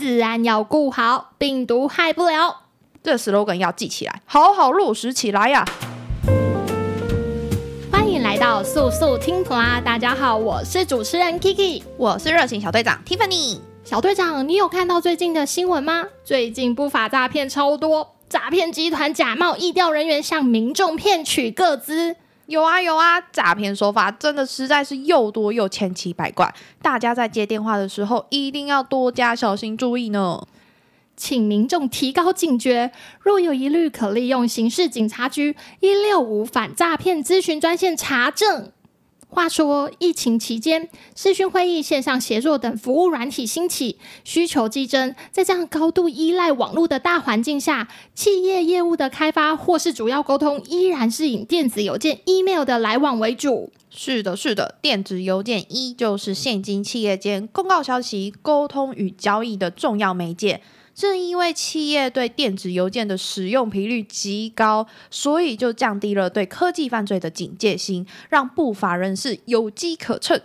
資安要顧好，病毒駭不了。這 slogan 要記起來，好好落實起來呀、啊！歡迎來到速速聽普拉。大家好，我是主持人 Kiki，我是熱情小隊長 Tiffany。小隊長，你有看到最近的新聞嗎？最近不法詐騙超多，詐騙集團假冒疫調人員向民眾騙取個資。有啊有啊，詐騙手法真的實在是又多又千奇百怪，大家在接電話的時候一定要多加小心注意呢，請民眾提高警覺，若有疑慮可利用刑事警察局一六五反詐騙諮詢專線查證。話說，疫情期間，視訊會議、線上協作等服務軟體興起，需求激增。在這樣高度依賴網絡的大環境下，企業業務的開發或是主要溝通，依然是以電子郵件 （email） 的來往為主。是的，是的，電子郵件依舊、就是現今企業間公告消息、溝通與交易的重要媒介。正因為企業對電子郵件的使用頻率極高，所以就降低了對科技犯罪的警戒心，讓不法人士有機可乘。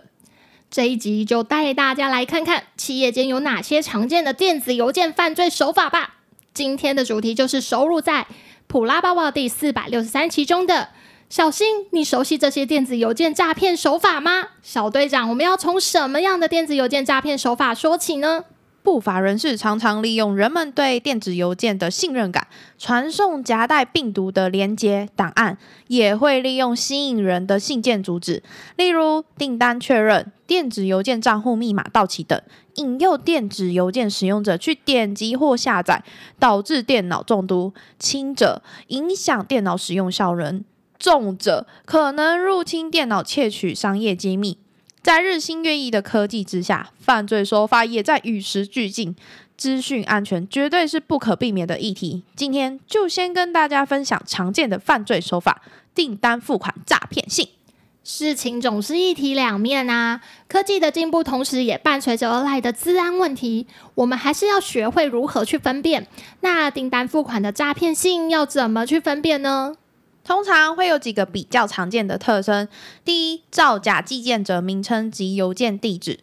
這一集就帶大家來看看企業間有哪些常見的電子郵件犯罪手法吧。今天的主題就是收入在《普拉報抱》第四百六十三期中的“小心，你熟悉這些電子郵件詐騙手法嗎？”小隊長，我們要從什麼樣的電子郵件詐騙手法說起呢？不法人士常常利用人們對電子郵件的信任感，傳送夾帶病毒的連接檔案，也會利用吸引人的信件主旨，例如訂單確認、電子郵件賬戶密碼到期等，引誘電子郵件使用者去點擊或下載，導致電腦中毒。輕者影響電腦使用效能，重者可能入侵電腦竊取商業機密。在日新月異的科技之下，犯罪手法也在與時俱進。資訊安全絕對是不可避免的議題。今天就先跟大家分享常見的犯罪手法——訂單付款詐騙信。事情總是一體兩面啊！科技的進步，同時也伴隨着而來的資安問題。我們還是要學會如何去分辨。那訂單付款的詐騙信要怎麼去分辨呢？通常會有幾個比較常見的特徵：第一，造假寄件者名稱及郵件地址；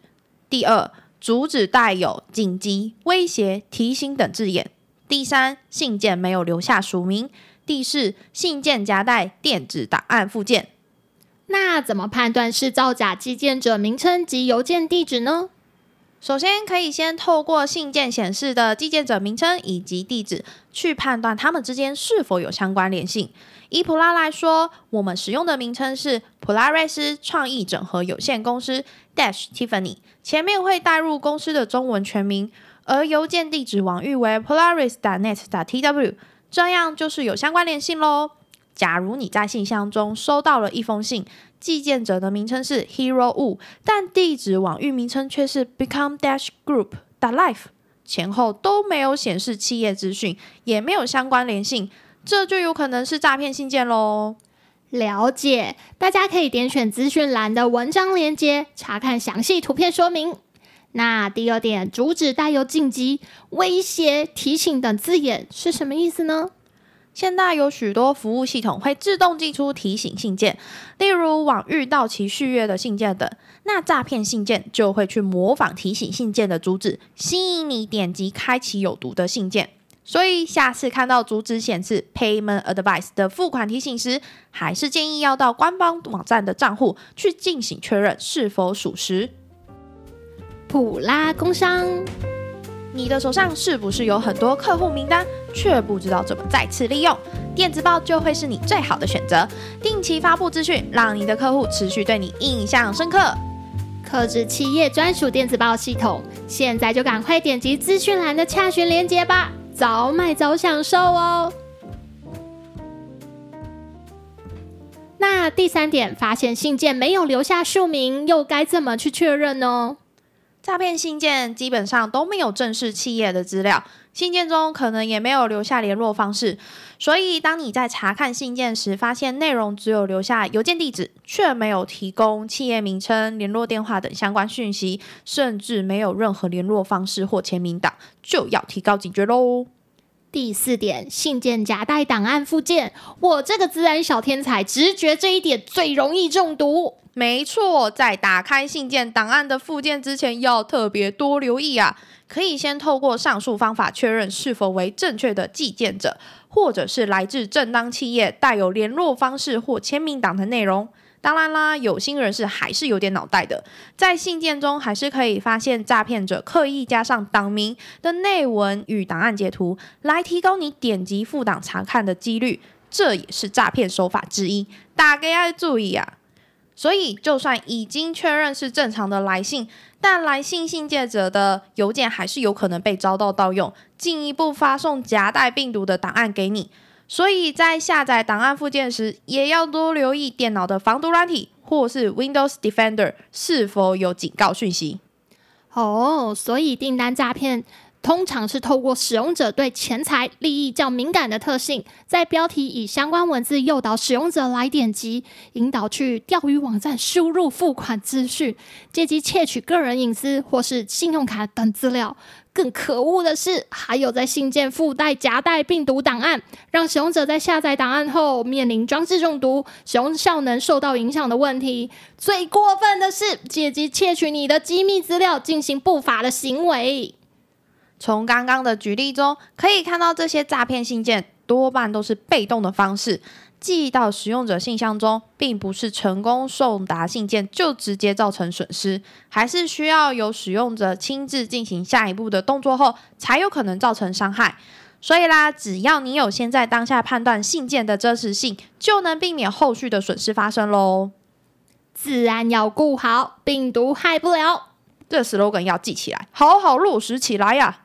第二，主旨帶有緊急、威脅、提醒等字眼；第三，信件沒有留下署名；第四，信件夾帶電子檔案附件。那怎麼判斷是造假寄件者名稱及郵件地址呢？首先，可以先透過信件顯示的寄件者名稱以及地址，去判斷他們之間是否有相關聯性。以普拉來說，我們使用的名稱是普拉瑞斯創意整合有限公司 Dash Tiffany，前面會帶入公司的中文全名，而郵件地址網域為 polaris.net.tw，這樣就是有相關聯性嘍。假如你在信箱中收到了一封信，寄件者的名稱是 Hero Wu，但地址網域名稱卻是 Become Dash Group Dash Life，前後都沒有顯示企業資訊，也沒有相關聯性，這就有可能是詐騙信件嘍。了解，大家可以點選資訊欄的文章鏈接，查看詳細圖片說明。那第二點，主旨帶有緊急、威脅、提醒等字眼，是什麼意思呢？現在有許多服務系統會自動寄出提醒信件，例如網域到期續約的信件等。那詐騙信件就會去模仿提醒信件的主旨，吸引你點擊開啟有毒的信件。所以下次看到主旨顯示 Payment Advice 的付款提醒時，還是建議要到官方網站的賬戶去進行確認是否屬實。普拉工商。你的手上是不是有很多客戶名單，卻不知道怎麼再次利用？電子報就會是你最好的選擇。定期發布資訊，讓你的客戶持續對你印象深刻。客製企業專屬電子報系統，現在就趕快點擊資訊欄的洽詢鏈接吧，早買早享受哦。那第三點，發現信件沒有留下署名，又該怎麼去確認呢、哦？詐騙信件基本上都沒有正式企業的資料，信件中可能也沒有留下聯絡方式，所以當你在查看信件時，發現內容只有留下郵件地址，卻沒有提供企業名稱、聯絡電話等相關訊息，甚至沒有任何聯絡方式或簽名檔，就要提高警覺咯。第四點，信件夾帶檔案附件。我這個自然小天才直覺這一點最容易中毒。沒錯，在打開信件檔案的附件之前，要特別多留意啊！可以先透過上述方法確認是否為正確的寄件者，或者是來自正當企業、帶有聯絡方式或簽名檔的內容。當然啦，有心人士還是有點腦袋的，在信件中還是可以發現詐騙者刻意加上檔名的內文與檔案截圖，來提高你點擊附檔查看的幾率，這也是詐騙手法之一，大家要注意啊！所以，就算已經確認是正常的來信，但來信信件者的郵件還是有可能被遭到盜用，進一步發送夾帶病毒的檔案給你。所以在下載檔案附件時，也要多留意電腦的防毒軟體或是 Windows Defender 是否有警告訊息。哦，oh，所以訂單詐騙。通常是透過使用者對錢財利益較敏感的特性，在標題以相關文字誘導使用者來點擊，引導去釣魚網站輸入付款資訊，借機竊取個人隱私或是信用卡等資料。更可惡的是，還有在信件附帶夾帶病毒檔案，讓使用者在下載檔案後面臨裝置中毒、使用效能受到影響的問題。最過分的是，借機竊取你的機密資料，進行不法的行為。從剛剛的舉例中可以看到，這些詐騙信件多半都是被動的方式寄到使用者信箱中，並不是成功送達信件就直接造成損失，還是需要由使用者親自進行下一步的動作後，才有可能造成傷害。所以啦，只要你有先在當下判斷信件的真實性，就能避免後續的損失發生嘍。資安要顧好，病毒駭不了，這 slogan 要記起來，好好落實起來呀！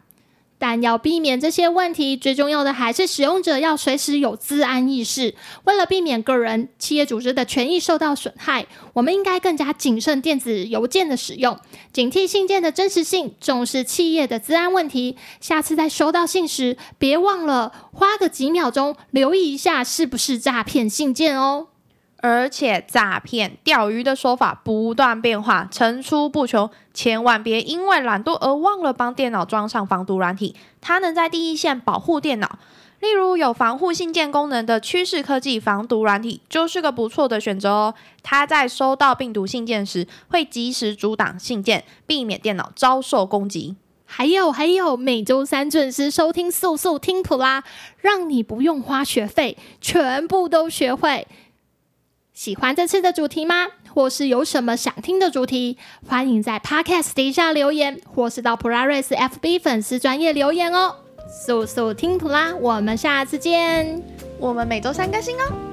但要避免這些問題，最重要的還是使用者要隨時有資安意識。為了避免個人、企業組織的權益受到損害，我們應該更加謹慎電子郵件的使用，警惕信件的真實性，重視企業的資安問題。下次再收到信時，別忘了花個幾秒鐘留意一下是不是詐騙信件哦。而且詐騙釣魚的手法不斷變化，層出不窮，千萬別因為懶惰而忘了幫電腦裝上防毒軟體，它能在第一線保護電腦。例如有防護信件功能的趨勢科技防毒軟體就是個不錯的選擇哦。它在收到病毒信件時，會及時阻擋信件，避免電腦遭受攻擊。還有還有，每周三準時收聽速速聽普拉，讓你不用花學費，全部都學會。喜歡這次的主題嗎？或是有什麼想聽的主題？歡迎在 Podcast 底下留言，或是到 Polaris FB 粉絲專頁留言哦。速速聽普拉！我們下次見。 我們每周三更新哦。